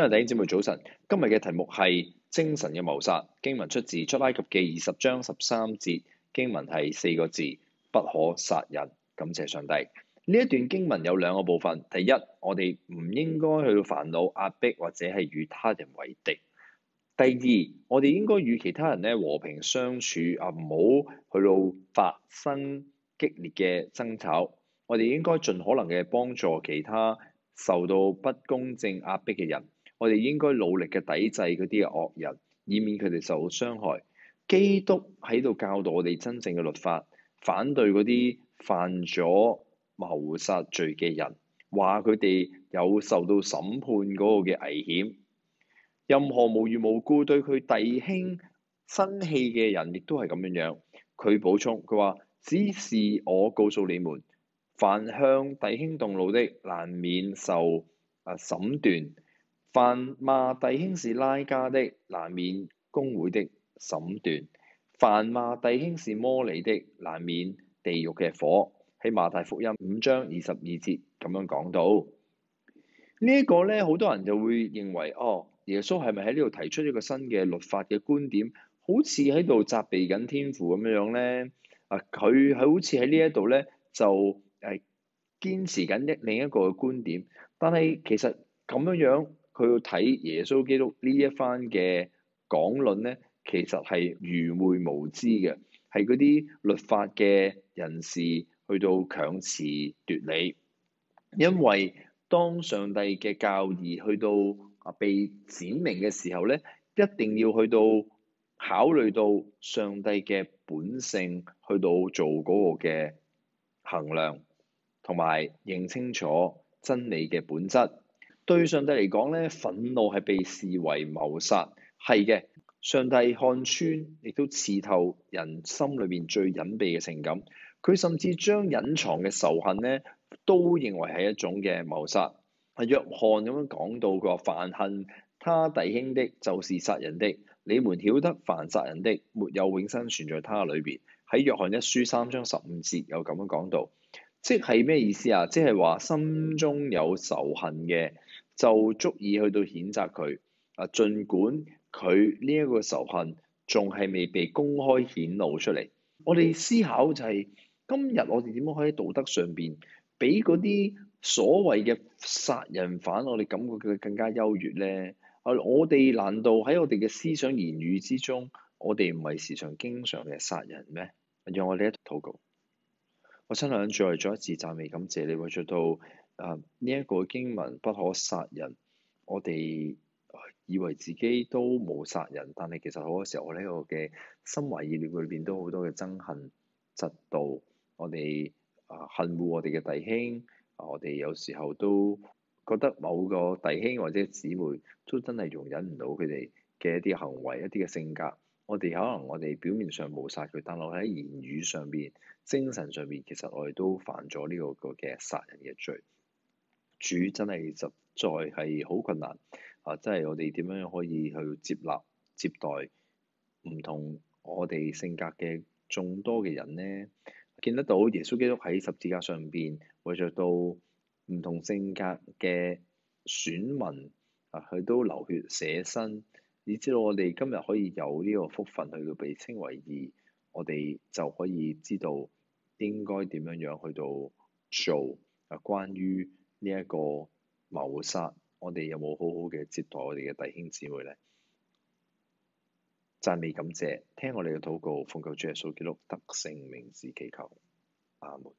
今日弟兄姊妹早晨，今日嘅題目係精神嘅謀殺。經文出自《出埃及記》二十章十三節，經文係四個字：不可殺人。感謝上帝。呢一段經文有兩個部分。第一，我哋唔應該去到煩惱、壓迫或者係與他人為敵。第二，我哋應該與其他人咧和平相處，啊，唔好去到發生激烈嘅爭吵。我哋應該盡可能嘅幫助其他受到不公正壓迫嘅人。我哋應該努力嘅抵制嗰啲嘅惡人，以免佢哋受到傷害。基督喺度教導我哋真正嘅律法，反對嗰啲犯咗謀殺罪嘅人，話佢哋有受到審判嗰個嘅危險。任何無緣無故對佢弟兄生氣嘅人，亦都係咁樣樣。佢補充佢話：「只是我告訴你們，凡向弟兄動怒的，難免受啊審斷。」凡罵弟兄是拉加的，難免公會的審斷；凡罵弟兄是魔利的，難免地獄嘅火。喺馬太福音五章二十二節咁樣講到，這個、呢一個咧，好多人就會認為哦，耶穌係咪喺呢度提出一個新嘅律法嘅觀點？好似喺度責備緊天父咁樣樣咧。啊，佢係好似喺呢一度咧就誒堅持緊一另一個嘅觀點，但係其實咁樣樣。佢要睇耶穌基督呢一翻嘅講論咧，其實係愚昧無知嘅，係嗰啲律法嘅人士去到強詞奪理。因為當上帝嘅教義去到啊被指明嘅時候咧，一定要去到考慮到上帝嘅本性，去到做嗰個嘅衡量，同埋認清楚真理嘅本質。對上帝嚟講咧，憤怒係被視為謀殺，係嘅。上帝看穿，亦都刺透人心裏邊最隱秘嘅情感。佢甚至將隱藏嘅仇恨咧，都認為係一種嘅謀殺。係約翰咁樣講到，佢話凡恨他弟兄的，就是殺人的。你們曉得凡殺人的，沒有永生存在他裏邊。喺約翰一書三章十五節有咁樣講到，即係咩意思啊？即係話心中有仇恨嘅，就足以去到譴責佢啊！儘管佢呢一個仇恨仲係未被公開顯露出嚟，我哋思考就係、是，今日我哋點樣可以道德上邊俾嗰啲所謂嘅殺人犯我，我哋感覺佢更加優越咧？啊！我哋難道喺我哋嘅思想言語之中，我哋唔係時常經常嘅殺人咩？讓我呢一禱告。我親愛嘅主，再為一次讚美感謝你，會做到。啊！呢、這、一個經文不可殺人，我哋以為自己都冇殺人，但係其實好多時候我多，我呢個嘅心懷意念裏邊都好多嘅憎恨、嫉妒。我哋啊，恨惡我哋嘅弟兄，我哋有時候都覺得某個弟兄或者姊妹都真係容忍唔到佢哋嘅一啲行為、一啲嘅性格。我哋可能我哋表面上冇殺佢，但係我喺言語上邊、精神上邊，其實我哋都犯咗呢、這個、這個嘅殺人嘅罪。主真係實在係好困難，啊！即係我哋點樣可以去接納接待唔同我哋性格嘅眾多嘅人呢？見得到耶穌基督喺十字架上邊為著到唔同性格嘅選民啊，佢都流血捨身，以致到我哋今日可以有呢個福分去到被稱為義，我哋就可以知道應該點樣樣去到做啊，關於。呢一個謀殺，我哋有冇好好嘅接待我哋嘅弟兄姊妹咧？讚美感謝，聽我哋嘅禱告，奉救主耶穌基督得勝名字祈求，阿門。